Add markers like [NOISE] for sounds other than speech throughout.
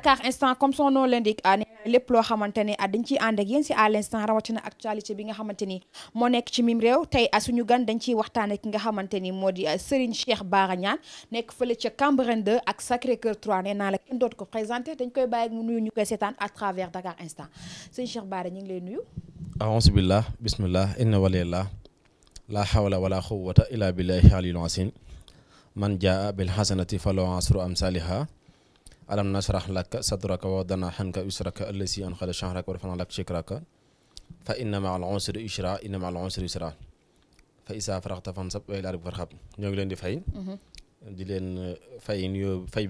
Dakar instant comme son nom l'indique a ah, lépp loo xamante ne ah, dañ ci ànd ak yeen ci à l'instant rawatina actualité bi nga xamanteni mo nek ci mim tay a ah, suñu gan dañ ci waxtane ki nga xamanteni modi Serigne Cheikh Bara Niane nekk fële ca Cambérène 2 ak Sacré-Cœur 3 né na la kenn dootu ko présenter dañ koy baye ak mu nuyu ñu koy à travers Dakar instant Serigne Cheikh Bara ñing ngi lay nuyu ahonsu billah bismillah inna walillah la hawla wala quwwata illa billahi aliyul asin man jaa bil hasanati falahu asru amsalihah, ألم نشرح لك صدرك ووضعنا حنك أسرك الذي أنقذ شهرك ورفعنا لك شكرك فإن مع العنصر يسرا إن مع العنصر يسرا فإذا فرغت فانصب وإلى ربك فارغب ñoo ngi دي di دي di leen fay nuyoo fay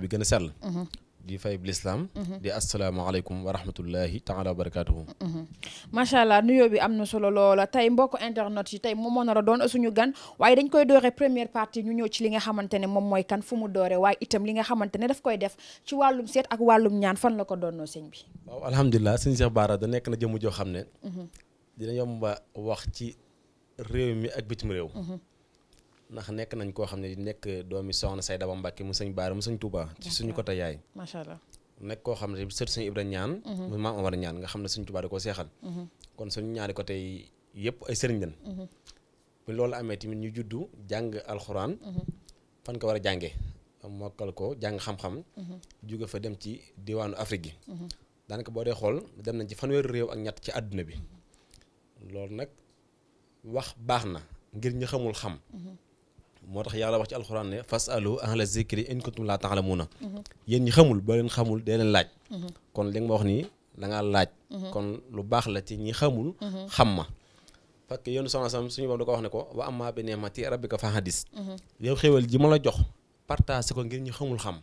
di fay lislaam mhm. di asalaamaaleykum wa rahmatullahi taala wa barakaatuhu mhm. macha allah nu bi am na solo loola tay mbokk internet yi tey moom moo nar a doon suñu gan waaye dañ koy doore première partie ñu ñëw ci li nga xamante ne moom mooy kan fu mu doore waaye itam li nga xamante ne daf koy def ci wàllum seet ak wàllum ñaan fan la ko doonoo sëñ bi waaw alhamdulilah sëñ Cheikh Bara da nekk na jëmm joo xam ne mhm. dina yomba wax ci réew mi ak bitim réew ndax nekk nañ koo xam ne nekk doomi soxna say daba Mbàkke mu sëñ Baara mu sëñ Touba ci suñu côté yaay macha allah nekk koo xam ne sët sëñ Ibra ñaan mhm. mu maam Omar ñaan nga xam ne sëñ Touba da koo seexal mhm. kon suñu ñaari côté yi ay sëriñ lañ mhm. bu loolu amee tamit ñu juddu jàng alxuraan fan ko war a jànge mokkal ko jàng xam-xam jóge fa dem ci diwaanu Afrique yi daanaka boo dee xool dem nañ ci fanweeri réew ak ñett ci àdduna bi loolu nag wax baax na ngir ñu xamul xam moo tax la wax ci alxuraan ne fasalu ahla zikri in kuntum laa ta'lamuuna yéen ñi xamul ba leen xamul dee leen laaj kon lu baax la ci ñi xamul xam ma parce que yéen soxna sam suñu bam da ko wax ne ko wa amma bi ni'mati rabbika fa hadis yow xéwal ji ma la jox partage ko ngir ñu xamul xam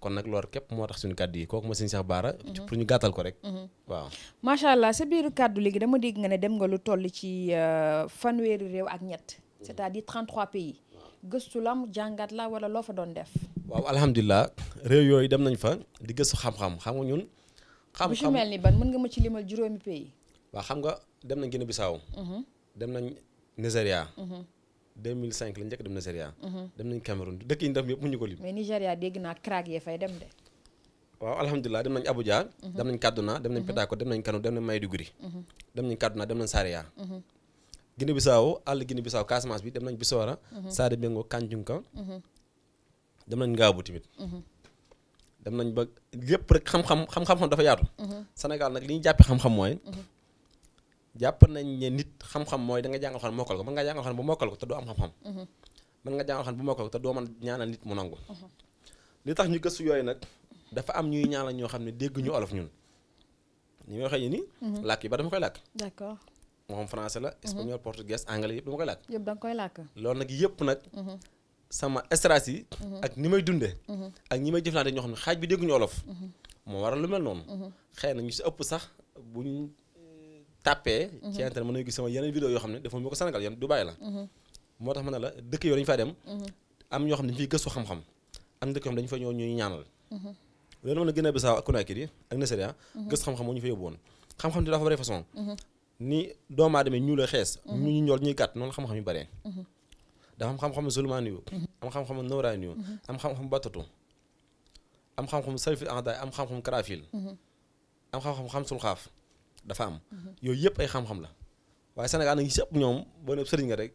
kon nag loolu képp moo tax suñu kàddu yi kooku ma sëñ Cheikh Bara pour ñu gàttal ko rek waaw macha allah sa biiru kàddu léegi dama dégg nga ne dem nga gëstu la mu jàngat la wala loo fa doon def. waaw alhamdulilah réew yooyu dem nañ fa di gëstu xam-xam xam nga ñun. xam-xam bu ci mel ni ban mën nga ma ci limal juróomi pays. waaw xam nga dem nañ Guinée Bissau. Mhm. dem nañ Nigéria. 2005 la njëkk dem Nigéria. Mhm. dem nañ Cameroun dëkk yi ñu dem yëpp mu ñu ko lim. mais Nigéria dégg naa crack yee fay dem de. waaw alhamdulilah dem nañ Abuja. Mhm. dem nañ Kaduna dem nañ Pétako dem nañ Kano dem nañ Maiduguri. dem nañ Kaduna dem nañ Saria. Gini Guinée al gini bisa Bissau kasmas bi dem nañ Bisoora. Mhm. Saade Bengo Kanjunka. Mhm. dem nañ Ngaabu tamit. Mhm. dem nañ ba lépp rek xam-xam xam-xam dafa yaatu. Sénégal nag li ñu jàppee xam-xam mooy. jàpp nañ ne nit xam-xam mooy da nga jàngal xam mokkal ko mën nga jàngal xam bu mokkal ko te doo am xam-xam. mën nga jàngal xam bu mokkal ko te doo mën ñaanal nit mu nangu. li tax ñu gëstu yooyu nag dafa am ñuy ñaanal ñoo xam ne dégg ñu olof ñun. ni ma waxee nii. làkk yi ba dama koy d'accord. moom français la. espagnol mhm. portugais anglais yëpp dama koy làkk. loolu nag yëpp nag. Mhm. sama stratégie mhm. ak ni may dunde ak ñi may jëflante ñoo xam ne xaaj bi dégguñu olof. moo waral lu mel noonu. xëy na ñu si ëpp sax buñ euh, tàppee. ci internet mën nañu gis sama yeneen vidéo yoo xam ne dafa ma ko yoon du Dubaï la. moo tax ma ne la dëkk yooyu dañu faa dem. am ñoo xam ne dañu fiy xam-xam. am dëkk yoo xam dañu fa ñëw ñuy ñaanal. loolu mën na Guinée Bissau ak Conakry ak Nigeria. gëstu xam-xam moo ñu fa ni doom adamé ñu la xéss ñu ñu ñor ñi kat non xam-xam yu bari da xam xam-xam zulmaani yu am xam-xam nooran yu am xam-xam batatu am xam-xam salfi anda am xam-xam krafil am xam-xam xamsul da fa am yoy yep ay xam-xam la waye Sénégal nag yëpp ñom bo ne serigne nga rek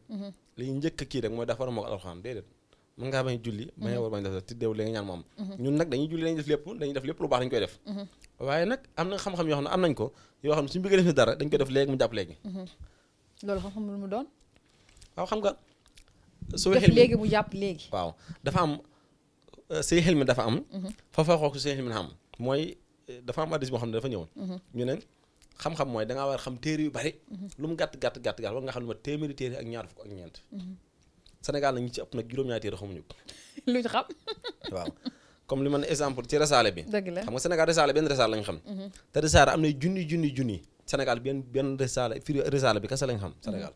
li ñu ki rek moy dafa war alcorane dedet mën ngaa bañ julli mhm. bañ war bañ def te deew li nga ñaan moom mhm. ñun nag dañuy julli dañuy def lépp lu baax dañ koy def mhm. waaye nag am na xam-xam yoo xam ne am nañ ko yoo xam ne suñu bëggee def ni dara dañ koy def léegi mu jàpp léegi loolu xam-xam nga soo xel léegi mu jàpp léegi waaw dafa am euh, say xel mi am fa fa xoog say xel mooy euh, dafa am addis boo xam ne dafa ñëw ñu ne xam-xam mooy da war xam téere yu bari lu mu gàtt gàtt gàtt gàtt war nga xam ne ma téeméeri téere ak ñaar fukk ak ñeent Sénégal ñi ci ëpp nag juróom-ñaari téere ñu ko. lu xam. waaw comme li man exemple ci resale bi. dëgg la xam nga Sénégal resale benn resale lañ xam. te resale am na junni junni junni Sénégal benn benn resale fi resale bi kese lañ xam Sénégal.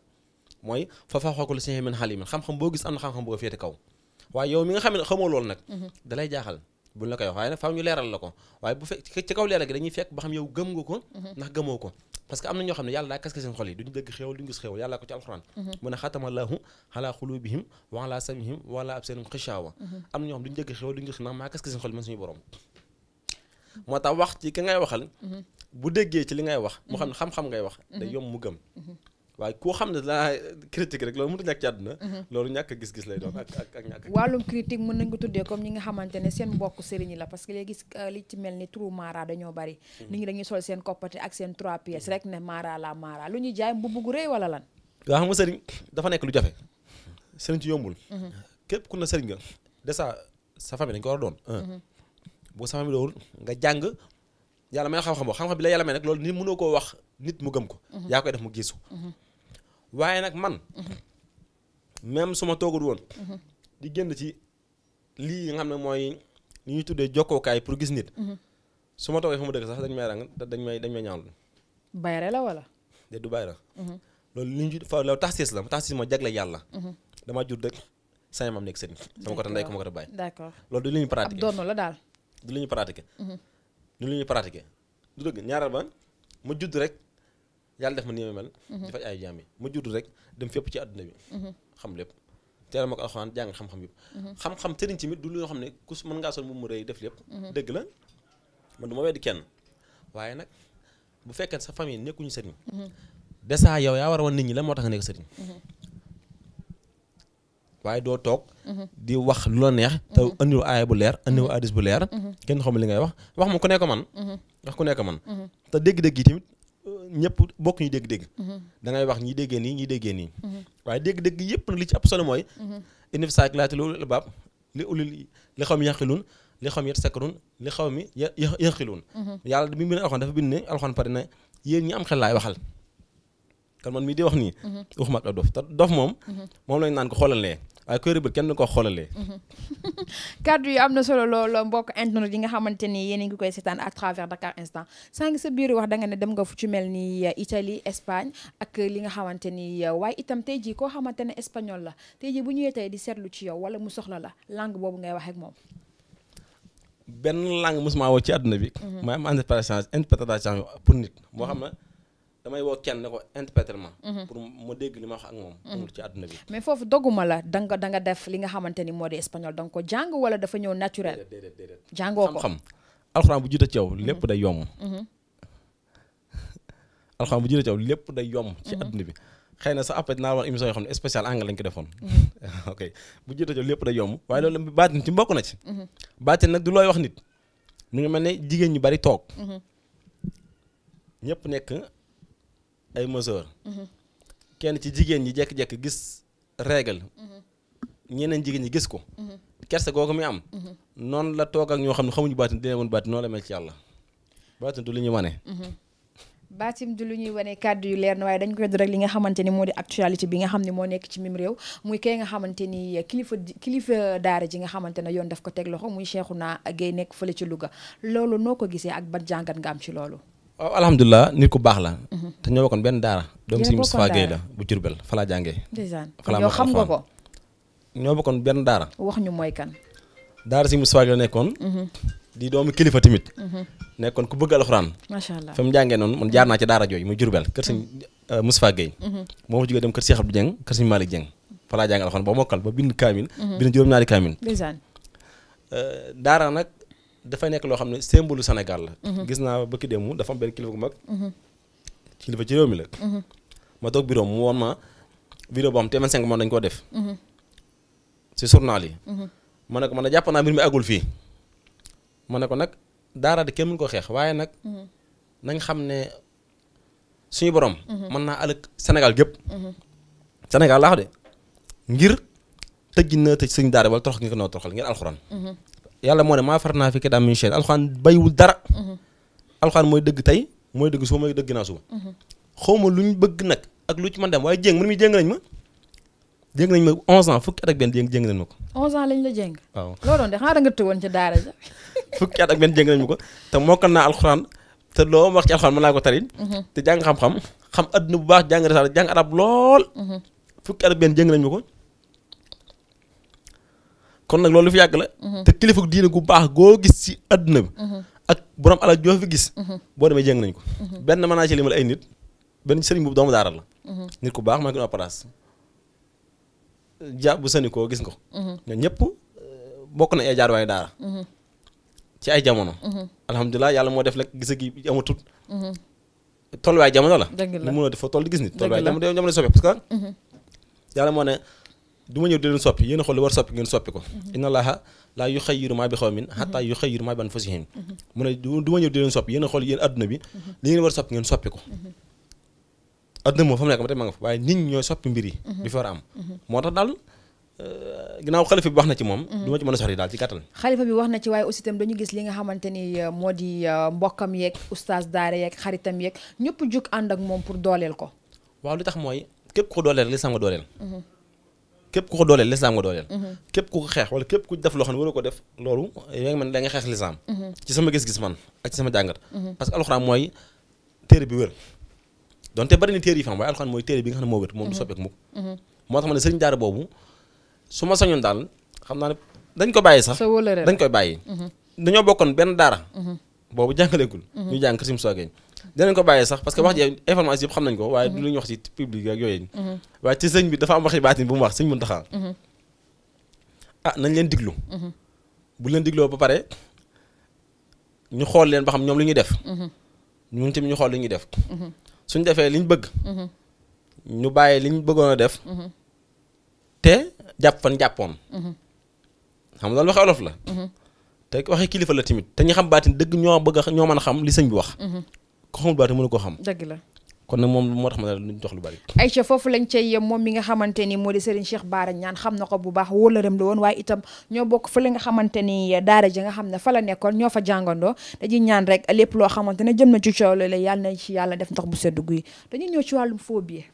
mooy fa fa faaxookul si min xalimin xam-xam boo gis am na xam-xam boo féete kaw waaye yow mi nga xam ne xamoo loolu nag. dalay jaaxal buñ la koy wax waaye nag faaw ñu leeral la ko waaye bu fekk ci kaw leeral gi dañuy fekk ba xam yow gëm nga ko. ndax gëmoo ko parce que am na ñoo xam ne yàlla daa kaske seen xol yi duñu dëgg xéewal duñu gis xéewal yàlla ko ci alxuraan mu ne xatamallahu ala xulubihim wa ala samihim wa ala absarihim xishaawa am na ñoo xam duñu dëgg xéewal duñu gis ndax maa kaske seen xol yi man suñu borom moo tax wax ci ki ngay waxal bu déggee ci li ngay wax mu xam ne xam-xam ngay wax day yomb mu gëm waaye koo xam ne laa critique rek loolu mënut a ñàkk ci àdduna mhm. loolu ñàkk gis-gis lay doon ak ak ak ñàkk wàllum critique mën nañ ko tuddee comme ñi nga xamante ne seen mbokk sëriñ yi la parce que léegi euh, li ci mel ni trou mara dañoo bari mhm. nit ñi dañuy sol seen koppate ak seen trois pièces rek ne mara la mara lu ñuy jaay mbubb gu rëy wala lan waaw xam nga sëriñ dafa nekk lu jafe sëriñ ci yombul mhm. képp ku na sëriñ nga déjà sa famille dañ ko war a doon boo sa famille doowul nga jàng yàlla may xam-xam boo xam-xam bi yàlla may loolu ni mënoo koo wax nit ko yaa waye nak man. même suma togu won di genn ci li nga xamne moy ni li tuddé joko kay pour gis nit. suma togu toogee fu ma sax dañ may ràng dañ may dañ may ñaanul bayre la wala. de du bayra mhm. lool li ñu fa law taxis la taxis mo jagle yalla mhm. dama jur dëkk saa maam nekk sëriñ. sama tan day ko mako côté d'accord lool du li ñu pratiqué ab la dal du li ñu pratiqué. Mhm. du li ñu du dëgg ñaaral ba ma judd rek yàlla def ma nii ma mel. di faj ay jaam yi ma judd rek dem fépp ci àdduna bi. xam lépp teel ma ko alxuraan jàng xam-xam yëpp. xam-xam sëriñ tamit du loo xam ne ku mën ngaa sol la man ma weddi kenn waaye nag bu fekkee sa famille nekkuñu sëriñ. dèjà yow yaa war a wan nit ñi lan moo tax nga nekk sëriñ. di wax la neex. te andiwu bu leer andiwu addis bu leer. kenn xamul li ngay wax wax ma ku nekk man. wax ku nekk man. te dégg-dégg yi tamit ñëpp bokk ñu dégg-dégg. Mhm. da ngay wax ñi déggee nii ñi déggee nii. Mhm. waaye dégg-dégg yëpp nag li ci ëpp solo mooy. Mhm. inni fi saa ak laata loolu baab li ulil li xaw mi yaqilun li xaw mi yatasakkarun li xaw mi ya yaqilun. yàlla bi mu bind alxon dafa bind ne alxon pare na yéen ñi am xel laay waxal. kon man mii di wax nii. waxuma ak dof te dof moom. moom lañ naan ko xoolal lee. waaye koy rëbët kenn ko xoolalee. [LAUGHS] kàddu yi am na solo lool mbokk internet yi nga xamante ni yéen a ngi koy seetaan à travers Dakar Instant sànq sa biir wax da nga ne dem nga fu ci mel ni euh, Italie Espagne ak euh, li nga xamante ni euh, waaye itam tey jii koo xamante ne espagnol la tey jii bu ñëwee tey di seetlu ci yow wala mu soxla la langue boobu ngay wax ak moom. benn langue mosuma woo ci àdduna bi. Mhm. maanaam interprétation interprétation pour nit damay woo kenn ne ko interprétement mhm. pour ma dégg li ma wax ak moom mhm. amul ci àdduna bi mais foofu dogguma la da da nga def li nga xamante ni moo di espagnol da nga ko jàng wala dafa ñëw naturel déedéet déedéet jàngoo ko xam alxuraan bu jiite ci yow lépp day yomb ci yow mhm. bi xëy na sax après naa war émission yoo xam ne spécial anglais lañ ko defoon [LAUGHS] ok bu jiite ci yow lépp day yomb waaye loolu baatin ci mbokk na ci baatin nag du looy wax nit mu ngi mel ne jigéen ñu bari toog ñëpp nekk ay mesure kenn ci jigéen ñi jekk-jekk gis règle ñeneen jigéen ñi gis ko kersa googu mi am noonu la toog ak ñoo xam ne xamuñu baatin dina mën baatin noonu la mel ci yàlla baatin du li ñuy wane baatim du lu ñuy wane kàddu yu leer na waaye dañ koy def rek li nga xamante ni moo di actualité bi nga xam ne moo nekk ci mim réew muy kay nga xamante ni kilifa kilifa daara ji nga xamante ne yoon daf ko teg loxo muy cheikhuna gay nekk fële ci Louga loolu noo ko gisee ak ban jàngat nga am ci loolu waaw oh, alhamdulilah nit ku baax la. Mhm. te ñoo bokkoon benn daara. doom si Moustapha Gueye la bu Diourbel fa laa jàngee. yow xam nga ko. ñoo bokkoon benn daara. wax ñu mooy kan. daara si Moustapha Gueye la nekkoon. Mhm. di doomu kilifa tamit. Mhm. nekkoon ku bëgg alxuraan. macha allah fa mu jàngee noonu man jaar naa ci daara jooju muy Diourbel kër sëñ euh, Moustapha Gueye. moo fa jógee dem kër Cheikh Abdou Dieng kër sëñ Malick Dieng fa laa alxuraan ba mokkal ba bind kaamil. bind juróom-ñaari kaamil. Euh, daara nag dafay nekk loo xam ne symbole Sénégal la. Mhm. gis naa bëkki démb dafa am benn kilifa gu mag. Mhm. kilifa ci réew mi la. Mhm. ma toog bureau mu woon ma vidéo boo xam te 25 mois dañu koo def. si journal yi. ma ne ko man a jàpp naa mbir mi agul fii. ma ne ko nag daara di kenn mën ko xeex waaye nag. nañ xam ne suñu borom. mën naa na tëj suñu alxuraan. yàlla moo ne maa far naa fi kii daal min shay alxuraan bayiwul dara. Mhm. alxuraan mooy dëgg tey mooy dëgg suba mooy dëgg naa suba. Mhm. xaw lu ñu bëgg nag ak lu ci mën dem waaye jéng man mii jéng nañ ma. jéng nañ ma 11 ans fukki at ak benn jéng nañ ma ko. 11 ans lañ la jéng. waaw loo doon de xanaa da nga tëwoon ci daara ja. [LAUGHS] fukki at ak benn jéng nañ ma ko te mokkal naa alxuraan te loo wax ci alxuraan mën naa ko tari. Mhm. te jàng xam-xam xam adduna bu baax jàng risaala jàng arab lool. fukki at ak benn jéng nañ ma ko kon nag loolu lu fi yàgg la. Mhm. te kilifa diine gu baax goo gis ci àdduna bi. Mhm. ak borom alal joo fi gis. Mhm. boo demee jëng nañ ko. benn mën naa ci limal ay nit benn sëriñ boobu doomu daara la. nit ku baax ma ne ko apparence. jàpp bu sëni koo gis nga ko. ñoom ñëpp euh, bokk na ay jaar waayu daara. ci ay jamono. alhamdulilah yàlla moo def rek gis gi amatut. tolluwaay jamono la. dëgg la mënoo def foo toll di gis nit. dëgg la tolluwaay jamono jamono parce que. yàlla moo ne. du ma ñëw di leen soppi yéen a lu war soppi ngeen soppi ko inna allaha laa yuxayyiru maa bi xawmin xataa yuxayyiru maa bi anfusihim mu ne du ma ñëw di leen soppi yéen a xool yéen adduna bi li ngeen war soppi ngeen soppi ko adduna moom fa mu nekk ma tey ma nga fa waaye nit ñi ñooy moo tax daal euh, ginnaaw xalifa bi wax na ci moom du ma ci mën a sori daal ci gàttal xalifa bi wax na ci waaye aussi itam dañu gis li nga xamante ni euh, moo di euh, mbokkam yeeg oustaz daara yeeg xaritam yeek ñëpp jug ànd moom pour dooleel ko waaw li tax mooy képp ko dooleel li sam nga képp ku ko dooleel lislaam nga dooleel mhm. képp ku ko xeex wala képp ku def loolu yaa man da xeex lislaam mhm. ci sama gis-gis man ak ci sama jàngat mhm. parce que alxuraan mooy téere bi yi fa am waaye bi nga xam ne moo wér moom du soppeeku mukk moo tax ma ne sëriñ daara boobu su ma sañoon daal xam naa ne dañ ko bàyyi sax dañ koy bàyyi dañoo bokkoon benn daara boobu jàngalegul ñu jàng kër sim soogeeñ dinañ ko bàyyi sax parce que wax mhm. ji information yëpp xam nañ ko waaye du ñu wax ci public ak yooyu mhm. waaye ci sëñ bi dafa am waxi baatin bu mu wax sëñ Muntaxa mhm. ah nañ leen diglu bu leen digloo ba pare ñu xool leen ba xam ñoom li ñuy def ñun ñu xool li ñuy def suñ defee liñ bëgg ñu bàyyi li bëggoon a def te jàpp fan jàppoon xam nga loolu waxi olof la te waxi kilifa la tamit te ñu xam baatin dëgg ñoo bëgg a ñoo mën a xam li sëñ bi wax ko xamul baatu mënu ko xam. dëgg la. kon nag moom moo tax ma ne jox lu bari. Aïcha foofu lañ cay moom mi nga xamante ni moo di Serigne Cheikh Bara Niane xam na ko bu baax wóolëram la woon waaye itam ñoo bokk fële nga xamante ni daara ji nga xam ne fa la nekkoon ñoo fa jàngandoo dañuy ñaan rek lépp loo xamante ne jëm na ci coow la yàlla na ci yàlla def ndox bu sedd guy dañuy ñëw ci wàllum phobie.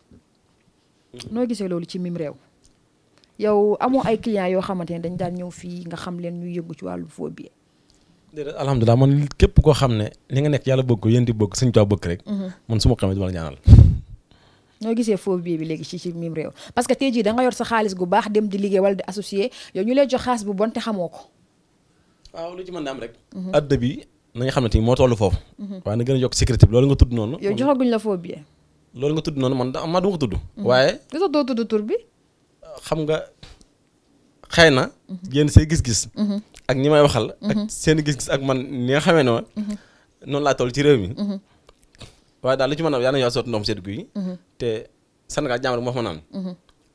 noo gisee loolu ci mim réew. yow amoo ay clients yoo xamante ne dañ daan ñëw fii nga xam leen ñu yëngu ci wàllum phobie. Alhamdulillah, alhamdulilah man képp koo xam ne li nga nekk yàlla bëgg ko yéen di bëgg suñu taw bëgg rek. Mhm. man su ma xamee du ma la ñaanal. noo gisee bi léegi ci ci réew parce que tey jii da nga yor sa xaalis gu baax dem di liggéey wala di associé yow ñu lay jox xaalis bu bon te xamoo ko. waaw lu ci mën na am rek. Mhm. adda bi nañu xam ne tamit moo toll foofu. Mhm. waaye na gën a yokk sécurité bi loolu nga tudd noonu. yow joxaguñ la loolu nga tudd noonu man da ma du ma tudd. waaye. lu tax doo tudd tur bi. xam nga xëy na. yéen say gis-gis. ak ñi may waxal. ak mhm. seen gis-gis ak man ni xame xamee ne ma. Mhm. noonu laa toll ci réew mi. Mhm. waaye daal lu ci mën a yàlla na yàlla sotti ndox mu sedd guy. te Sénégal jàmm rek moo fa naan.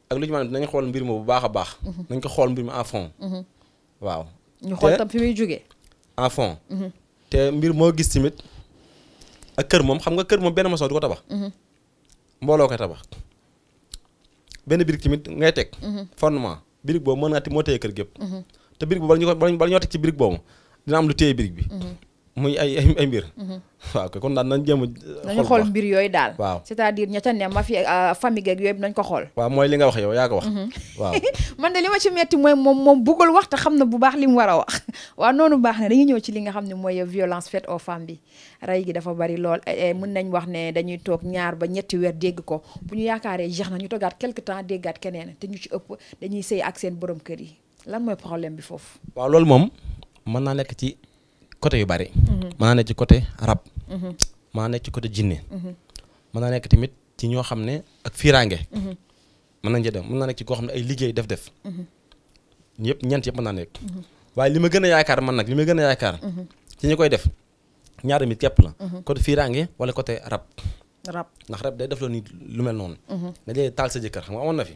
ak lu ci mën a dinañ xool mbir bu baax baax. nañ ko xool mbir mi à waaw xool tam fi muy jógee. mbir moo gis tamit ak kër moom xam nga kër moom benn maçon du ko tabax. mbooloo koy tabax. benn birig tamit ngay teg. fondement birig boobu mën naa moo téye kër gépp te birig bi bala ñu ko bala ñoo teg ci birig boobu dina am lu téye birig bi mhm. muy ay ay mbir mhm. kon daal nañ jéem nañu xool mbir yooyu daal waaw c'est-à-dire ña ne ma fi euh, famille ak yooyu nañ ko xool waaw mooy li nga wax yow yaa ko wax mhm. waaw [LAUGHS] man de li ma ci metti mooy moom moom bëggul wax te xam na bu baax li mu a wax [LAUGHS] waaw noonu baax na dañuy ñëw ci li nga xam ne mooy violence faite aux dafa bari lool eh, eh, mën nañ wax ne dañuy toog ñaar ba ñetti weer dégg ko bu ñu yaakaaree jeex na ñu toogaat quelque temps déggaat keneen te ñu ci ëpp dañuy sëy ak seen borom kër yi lan mooy problème bi foofu. waaw loolu moom mën naa nekk ci côté yu bari. Mhm. mën naa nekk ci côté rab. Mhm. mën naa nekk ci côté mhm. tamit ci ñoo xam ne ak fiiraange. mën nañ ci ne ay liggéey def-def. ñëpp ñeent ma a yaakaar man nag a yaakaar. ci ñi koy def ñaari mit képp la. côté fiiraange wala côté rab. rab ndax rab day def loo ni lu mel noonu. dañuy taal sa jëkkër xam nga amoon na fi.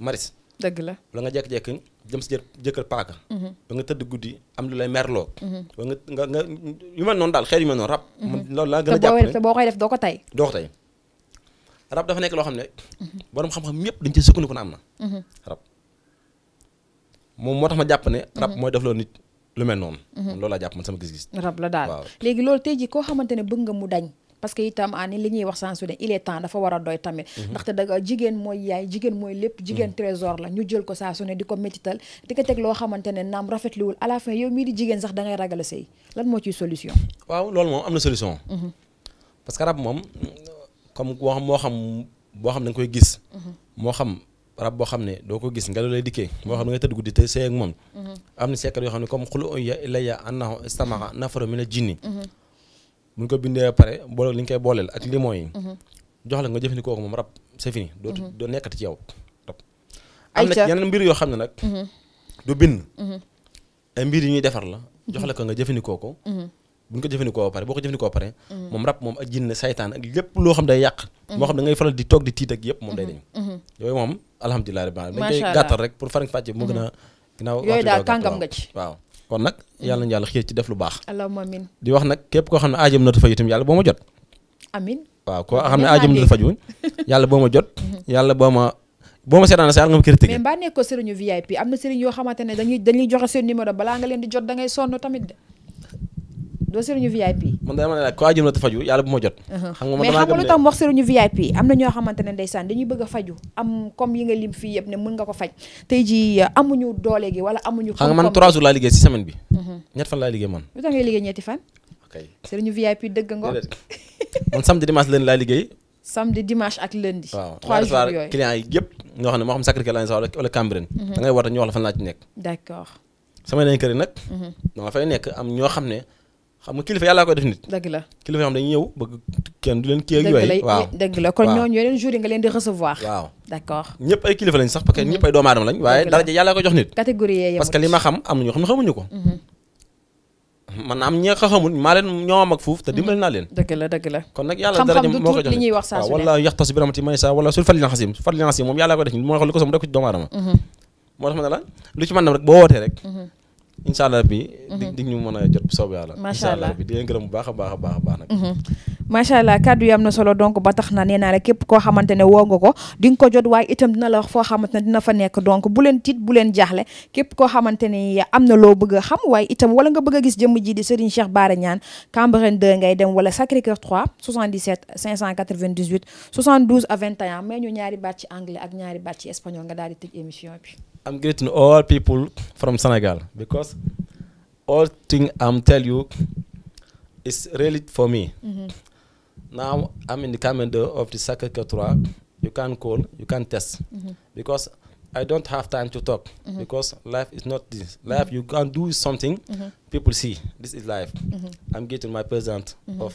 Maris. dëgg la wala nga jekk-jekki jëm si jëkkër paaka wala mhm. nga tëdd guddi am lu lay merloo wala mhm. nga nga nga yu mel noonu daal xeet yu mel noonu rab mhm. loolu laa a jàpp te boo koy def doo ko tey doo ko tey rab dafa nekk loo xam ne borom xam-xam yëpp dañ ci sukkandiku na am na rab moom moo tax ma jàpp ne rab mooy def loo nit lu mel noonu loolu laa jàpp man sama gis-gis rab la daal léegi loolu tey ji koo xamante bëgg nga mu dañ parce que itam ani ah, li ñuy wax sans su il est temps dafa wara doy tamit mhm. ndax te daga jigen moy yaay jigen moy lepp jigen mhm. trésor la ñu jël ko saa su diko di ko métital di ko teg loo xamante ne wul à la fin yow mi di jigen sax da ngay ragal sey lan mo ci solution waaw lool mom amna solution mhm. parce que rab mom comme boo xam moo xam boo xam da nga koy gis mo xam rab bo xam ne ko gis nga lay dikkee moo xam ne nga tëdd guddi te sëy ak mom am na yo yoo comme khulu oya ilaya annahu istamaha nafaro mina jinni mu ko bindee ba pare boole li ñu koy booleel ak limon yi. Mhm. jox la nga jëfandikoo ko moom rab c'est fini. doo mhm. doo nekkati ci yow rab. am na yeneen mbir yoo xam ne nag. Mhm. du bind. ay mbir yi ñuy defar la. jox la ko nga jëfandikoo ko. bu ko jëfandikoo ba pare boo ko jëfandikoo ba pare. moom rab moom ak jinne saytaan ak loo xam day yàq. moo xam da ngay faral di toog di tiit ak yëpp moom day dañ. yooyu moom alhamdulilah rabbil alamin dañ koy gàttal rek pour faram a. ginnaaw yooyu daal kàngam waaw. kon nag yàlla na yàlla xiir ci def lu baax. allahumma amiin di wax nag képp koo xam ne aajam na dafa itam yàlla boo ma jot. amiin waaw koo xam ne aajam na faju yàlla boo ma jot. [LAUGHS] yàlla boo ma boo ma seetaan sa yàlla nga ma critiqué. mais mbaa nekkoo sëriñu VIP am na sëriñ yoo xamante ne dañuy dañuy joxe seen numéro balaa nga leen di jot da ngay sonn tamit doo sëriñu VIP. man dama ne la ko ajum la te faju yàlla bu ma jot. Uh-huh. xam nga man mais xam nga lu tax wax sëriñu VIP am na ñoo xamante ne ndeysaan dañuy bëgg a faju am comme yi nga lim fii yëpp ne mën nga ko faj tey ji uh, amuñu doole gi wala amuñu. xam nga man jours laa liggéey uh-huh. samedi dimanche leen laa liggéey. samedi dimanche ak lundi. waaw jours yooyu client yi ñoo xam ne moo xam Sacré-Cœur la wala Cambérène uh-huh. da ngay war ñoo xam ne xam nga kilifa yàlla koy def nit. la kilifa kenn du leen la kon nga leen di recevoir. waaw d'accord ay kilifa lañ sax parce que catégorie parce que xam xam la la la incha allah bi mhm. di ñu mën a jot bu allah bi di leen a a baax a baax nag mhm. macha na solo donc ba tax na nee naa la képp koo xamante ne woo nga ko di nga ko jot waay itam dina la wax foo xamante ne dina fa nekk donc bu leen tiit bu leen jaaxle képp koo xamante ne am na loo bëgg a xam waaye itam wala nga bëgg a gis jëmm ji di Serigne Cheikh Bara Niane Cambérène 2 ngay dem wala Sacré-Cœur 3 77 598 a à 21 mais ñu ñaari baat ci anglais ak ñaari baat ci espagnol from Senegal because all thing I'm tell you is really for me. Mm -hmm. Now I'm in the commander of the sacre culture. You can call, you can test mm -hmm. because I don't have time to talk mm -hmm. because life is not this. Life you can do something, mm-hmm. people see this is life. Mm-hmm. I'm getting my present mm-hmm. of